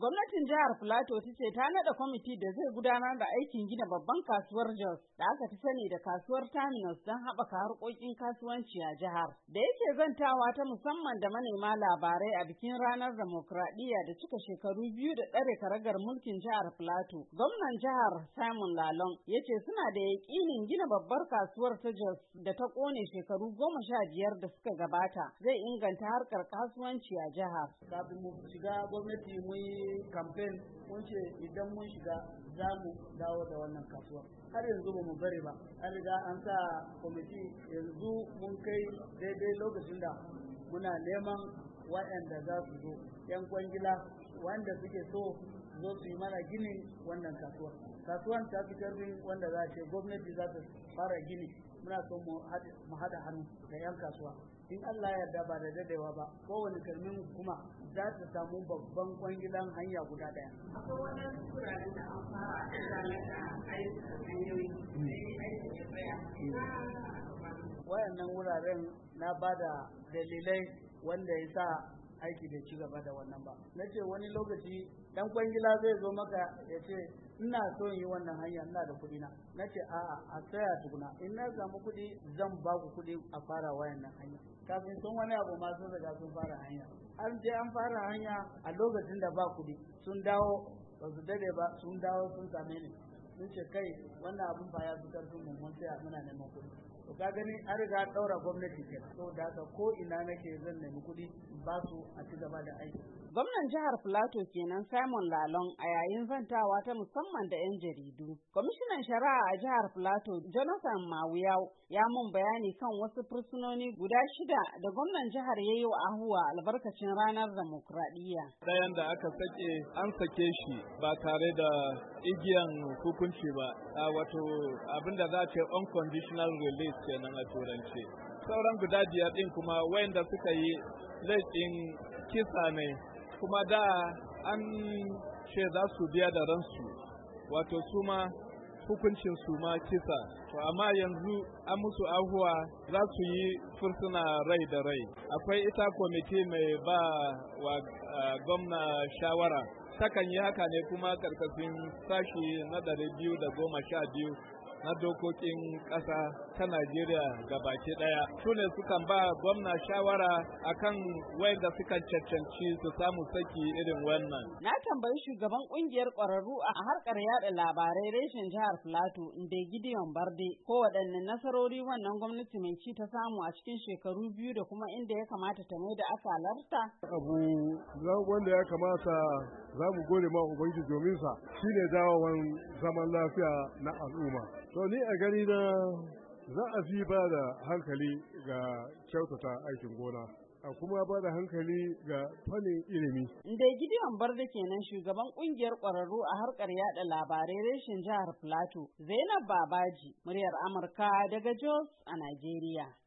Gwamnatin jihar Filato ta ce ta naɗa kwamiti da zai gudanar da aikin gina babban kasuwar Jos da aka fi sani da kasuwar Terminus don haɓaka harkokin kasuwanci a jihar. Da yake zantawa ta musamman da manema labarai a bikin ranar demokradiyya da cika shekaru biyu da tsare karagar mulkin jihar Filato. Gwamnan jihar Simon Lalong ya ce suna da yaƙinin gina babbar kasuwar ta Jos da ta ƙone shekaru goma sha biyar da suka gabata zai inganta harkar kasuwanci a jihar. Kafin mu shiga gwamnati mun yi kamfen mun ce idan mun shiga za mu dawo da wannan kasuwa har yanzu ba mu bari ba an riga an sa kwamiti yanzu mun kai daidai lokacin da muna neman waɗanda za su zo yan kwangila wanda suke so zo su yi mana gini wannan kasuwar kasuwan ta fi karfin wanda za a ce gwamnati za ta fara gini muna so mu haɗa hannu da yan kasuwa in Allah ya yarda ba da dadewa ba kowane kalmin kuma za su samu babban kwangilan hanya guda daya wayannan wuraren na bada dalilai wanda ya sa aiki bai ci gaba da wannan ba na ce wani lokaci dan kwangila zai zo maka ya ce ina so yi wannan hanya ina da kuɗi na na ce a'a a tsaya tukuna in na samu kuɗi zan ba ku kuɗi a fara wayannan hanya kafin sun wani abu ma sun riga sun fara hanya an je an fara hanya a lokacin da ba kuɗi sun dawo ba su dade ba sun dawo sun same ni sun ce kai wannan abun ba ya fitar sun mun sai a muna neman kuɗi to ka gani an riga daura gwamnati ke so da ko ina nake zan nemi kuɗi ba su a ci gaba da aiki gwamnan jihar Plateau kenan Simon Lalon a yayin zantawa ta musamman da 'yan jaridu kwamishinan shari'a a jihar Plateau Jonathan Mawuyau ya mun bayani kan wasu fursunoni guda shida da gwamnan jihar ya yi wa ahuwa albarkacin ranar demokradiyya ɗayan da aka sake an sake shi ba tare da igiyan hukunci ba wato abin da za a ce unconditional release kenan a turance sauran guda biyar din kuma wayanda suka yi laifin kisa ne kuma da an ce za su biya da ransu wato su hukuncin su ma kisa to amma yanzu an musu ahuwa za su yi fursuna rai da rai akwai ita kwamiti mai ba wa gwamna shawara takan yi haka ne kuma karkashin sashi na ɗari biyu da goma sha biyu na dokokin ƙasa ta Najeriya ga baki ɗaya. Su ne sukan ba gwamna shawara a akan wayanda suka cancanci su samu saki irin wannan. Na tambayi shugaban ƙungiyar ƙwararru a harkar yaɗa labarai reshen jihar Filato inda Gideon Barde ko waɗanne nasarori wannan gwamnati mai ci ta samu a cikin shekaru biyu da kuma inda ya kamata ta mai da asalarta Abu wanda ya kamata za mu gode ma ubangiji domin sa shine dawowan zaman lafiya na al'umma to ni a gani na za a fi ba da hankali ga kyautata aikin gona a kuma ba da hankali ga fannin ilimi. Da Gideon da kenan shugaban kungiyar ƙwararru a harkar yada labarai reshen jihar Plateau, Zainab Babaji, muryar Amurka daga Jos a Najeriya.